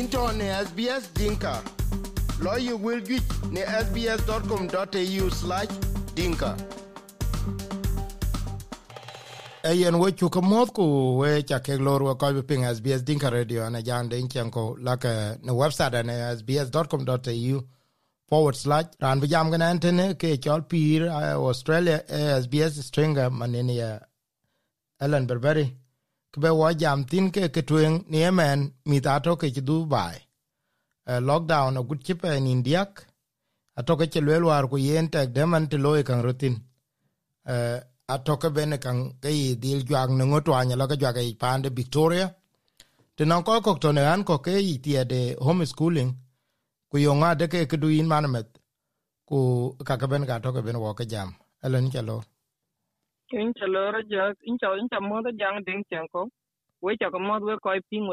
into ne SBS Dinka. Lawyer will get ne sbs.com.au slash dinka. Ayen we chuka moth ku we chake lor we koi ping SBS Dinka Radio na jan de inchenko laka eh, ne website ane sbs.com.au forward slash ran bijam gana antene ke chol pir eh, Australia eh, SBS Stringer manini ya Ellen Berberi. kbe wo jam tin ke ke twen ni emen mi ta to ke du bai a eh, lockdown a gut chipe in india a to ke che war ku yen te de man te loy kan rutin eh, a to ke bene kan ke i dil jwag ne ngot wan la ke jwag i pande victoria te non ko ko to ne an ko ke i tie de homeschooling ku yo nga de ke ke du in manamet ku ka ka to ke ben wo ke jam elen ke lor kin cha lo ra mo jang ding mo koi ping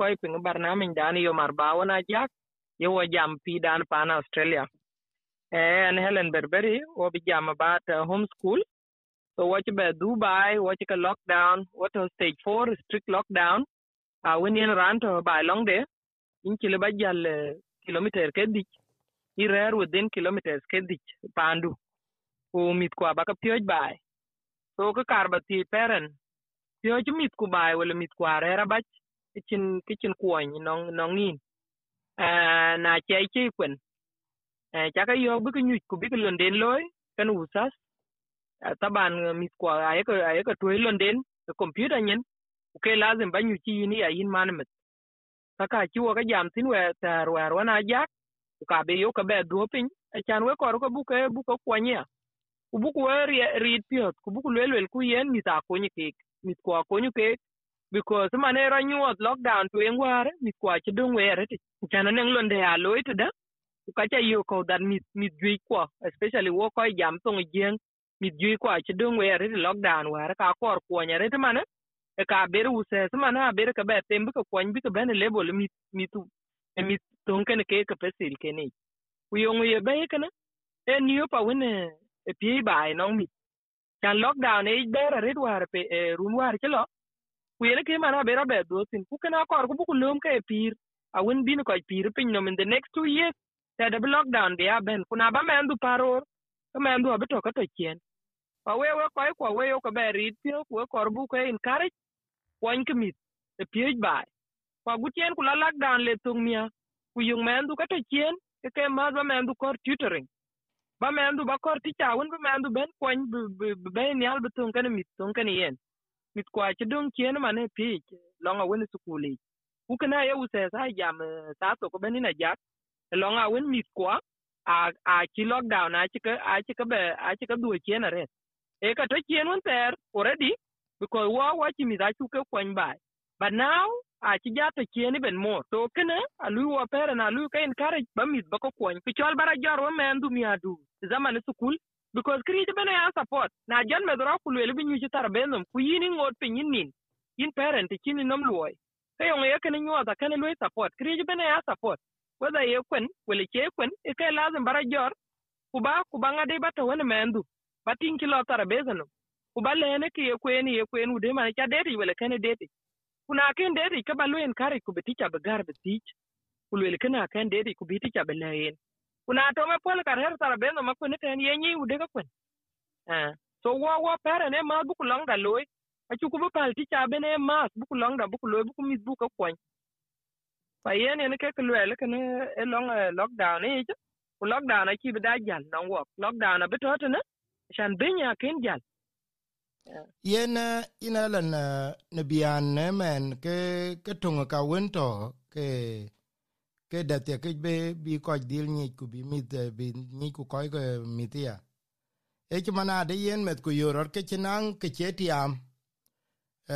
koi yo yo jam pi dan pan australia helen so dubai lockdown stage 4 strict lockdown long day in kilometer kedik kilometers kedik so ka karba ti parent pio chu mit ku bai wala mit ku arera bach kichin kichin kuony nong nongin à eh, na che che quên à cha ka yo bu ku nyu ku bi ku londen loy kan usas eh, ta ban eh, mit ku ay ka ay ka tu londen computer nyen ke lazim ba nyu chi ni ayin man mit ta ka chi wo ka jam tin we ta ro ro na jak ka be yo ka be do pin a chan we kor ko bu ke bu ko kwanya kubuku wa riit piöth kubuku luelwel ku yen mith akonyi kek mith kwa akuny kek because mane ro nyuoth lockdown tweng ware mith kwa aci dong were tic cana neŋ londe a loi tida kukaca yo kou that mith mith juic kuo especially wo koi jam thoŋ jieŋ mith juic kuo aci dong were ti lockdown were ka kor kuonyere ti mane eka bere uses mane abere ke be them kwa ke kuony bi lebo bene lebol mith mith e mith thoŋ kene ke ke pesil kenic ku yoŋ ye be kene en yopa wene pi ba no mi kan lockdown e be rit war pe e run war chelo kwere ke mana be be dosin kuke na kor ku buku lum ka e pir a win bin ko pir pin no min the next two years ta da lockdown be a ben kuna ba men du paro ka men du abito ka to chen pa we we ko ko we yo ka be rit pi ku kor bu ko in kar kwon kmit e pi ba pa gu chen ku la lockdown le tung mia ku yung men du ka to chen ke ke ma ba men du kor tutoring ba men du ba kor ti chawun ba men du ben kwany be nial bu tun kan mit tun kan yen mit kwa ci dun kien ma ne pi longa wen e sukuli u kana ya u se sa e jam e, sa to ko in ajak longa wen mit kwa a a chi lockdown aci ka a chi ka be a chi ka du re e ka to kien won ter already because wa wa chi mi da ke kwany bai but now ci jaata cieni ben mor to kene alui wo pere na alui ka in karej ba mith ba kokuony pi chol bara jor wo me andhumi adu zamani sukul because kriji bene ya support na jan me dhora ku lueli bi nyuchi tara benzom ku yini ngot pi nyin nin yin parent ti chini nom luoy ka yong ye kene nyuwa za kene lue support kriji bene ya support wadha ye kwen wele che kwen ikai e lazim bara jor kuba kuba ngade bata wene me andhu bati nkilo tara benzom kuba lehene ki ye kweni ye kweni udema ni cha deti wele kene deti kunaaken deeti ka ba luyen kari ku be tic a be gar be thic ku luel kenaaken deeti ku bi tic a be leyen kunaa tome pol kar her tara beno ma kwene ten yenyi wude ka kwen eh, so wo wo perene mas bu ku longda loy acu ku be pal tic a bene mas bu ku longda bu ku loy bu ku mith bu ka kwony pa yen yene keke luel kene e long eh, lockdown yic e ku lockdown aci be da jal nong wok lockdown abe totene acan be nyaken jal yen eh, ina la na eh, ne bian ne eh, men ke ke tunga ka wento ke ke da te ke be bi ko dil ni ku bi mit bi ni ku ko ke mitia e ki mana de yen met ku yoro ke tinang ke tetiam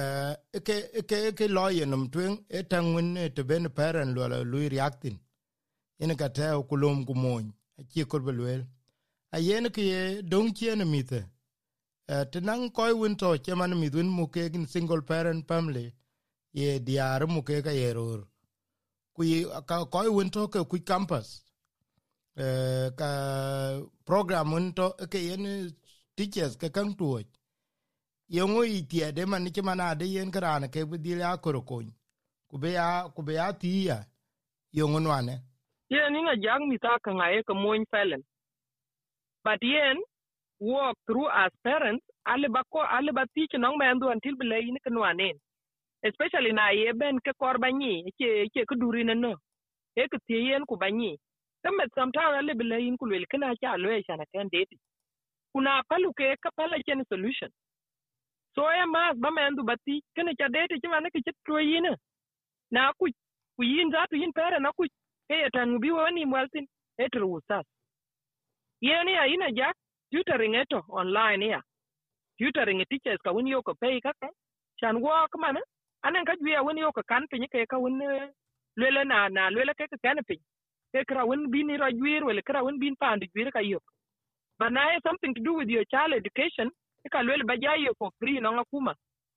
eh e ke e ke e ke lo yenum twen e tangun ne te ben paren lo lo reactin ina ka te ku lum ku mon ki ku bel wel a yen ke don ki ne mitia Eh, tenang koy win to cheman midwin muke in single parent family ye diar muke ka yeror ku ka koy win to ke ku campus eh, ka program win ke yen teachers ke kan tuoj yengo itie de man ke man ade yen kran ke bidil ya kor kon ku be ya ku be ya tiya yengo nwane ye ni nga jang mi ta ka ngai ka moin felen but yen work through as parents ali ba teach nong men duan bile yin kan especially na ye ben ke kor ba nyi ke ke ku duri na no e ku ku ba nyi sometimes ali bile yin ku wel cha lo cha na kan kuna palu ke ka pala chen solution so e mas ba men du ba cha date chi wana ke chit tro yin na ku ku yin za yin pere na ku ke tan bi woni mwaltin etru usas yeni aina jak tutoring eto online ya tutoring teachers ka woni yoko pay ka chan wok man anan ka jwe woni yoko kan pin ke ka woni eh, lele na na lele ke ka kan pin ke kra won bin ro jwe wala kra won bin pand jwe ka yok but now something to do with your child education ka lele ba ja free no kuma.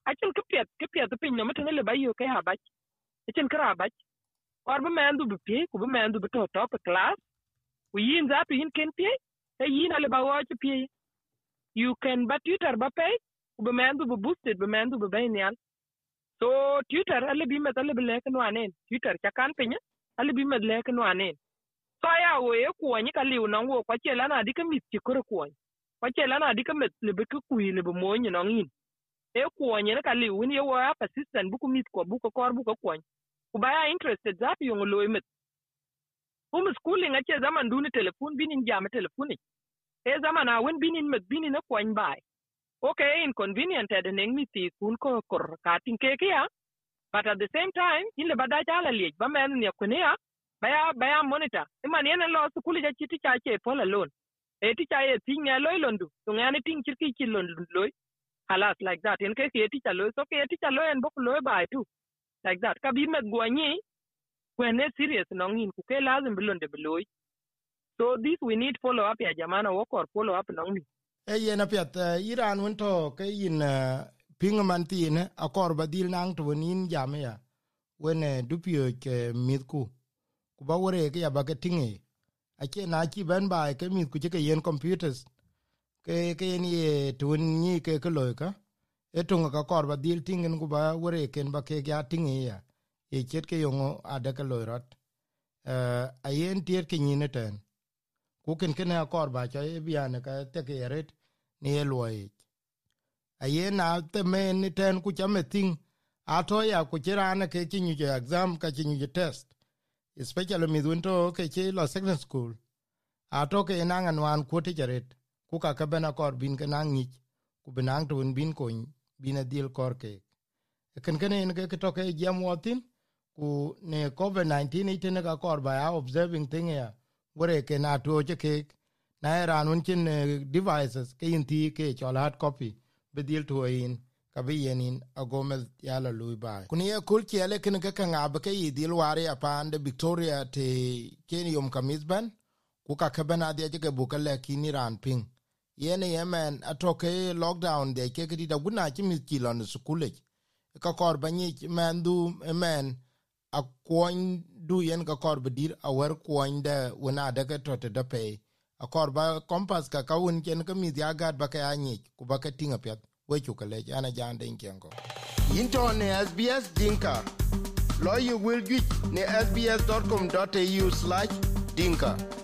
achin kipiet kipiet pin no meten le ba yo ke ha ba achin kra ba or bu mendu bu pi ku bu mendu bu to top class ku yin za tu yin ken pi e yin ale ba wo ci pie you can ba twitter ba pay be mendu bu boosted be mendu be bainial so twitter ale bi met ale bele lek no anen twitter ka kan pinya ale bi met le no anen so ya wo e ko ni ka liu non wo ko che lana di ka mit ci kor ko ko che lana di ka met le be ku le be mo ni non yin e ko ni ka liu ni wo a persistent bu ku mit ko bu ko kor bu ko ko ku ya interested zap yo lo mit um schooling ache zaman duni telefon binin jama telefoni e zaman a wen binin met binin e kwany bai ok inconvenient ede neng mi thi kun ko kor katin keki ya but at the same time in le badaj ala liej ba men ni kwene ya baya baya monitor iman e yene lo sukuli ja chiti cha che pola loan e ti cha ye ting ya loy londu to ngani ting chirki chi londu loy halas like that in keki e ti cha loy so ke e ti cha loy en bok loy bai tu like that kabi met gwanyi kwene serious nongin kuke lazim bilonde biloy so this we need follow up ya jamana wok or follow up long ni e eh, yena piat eh, iran won to ke yin eh, pinga man tin a kor badil nang to nin jamya wene dupio ke mitku ku ba wore ke ya ba ke tinge a ke na ki ban ba ke mitku ke yen computers ke ke yen ye to ni ke ke loika e tunga ka kor badil tingen ku ba wore ken ba ke ya tinge ya e ket ke yongo ada ke loirat Uh, ayen tiyer ke nyine tenu kukin kene kor ba cho e biane ka te keret ni e loye e aye na te men ni ten ku cha meting ato ya ku chirane ke chinyu je exam ka chinyu je test especially mi dunto ke che lo second school ato ke na ngan wan ku te jeret ku ka ka bena kor bin ke nang ni ku benang tu bin ko bin a dil kor ke e ken kene en ke to ke jamwatin ku ne covid 19 itene e ka kor ba observing thing here gore ke na to je ke na era nun chin eh, devices ke yin ti ke cho lat copy be dil to yin ka be yenin agome ya la lui ba kun ye kul ke le kin ke ka ngab ke dil ware ya pande victoria te ken yom kamizban ku ka ke bana de ke bu ka le kini ran ping yene yemen atoke lockdown de ke ke da guna chi mi kilon sukule ka kor banyi men du eh, men a kuony du yen ka kor bidir a wer kuony de wena de ke tote de pe a kor ba kompas ka ka un ken ka mi ya gad ba ka anyi ku ba ka tinga pet we chu ka le ana jan den ken go into ne sbs dinka lo you will get ne sbs.com.au/dinka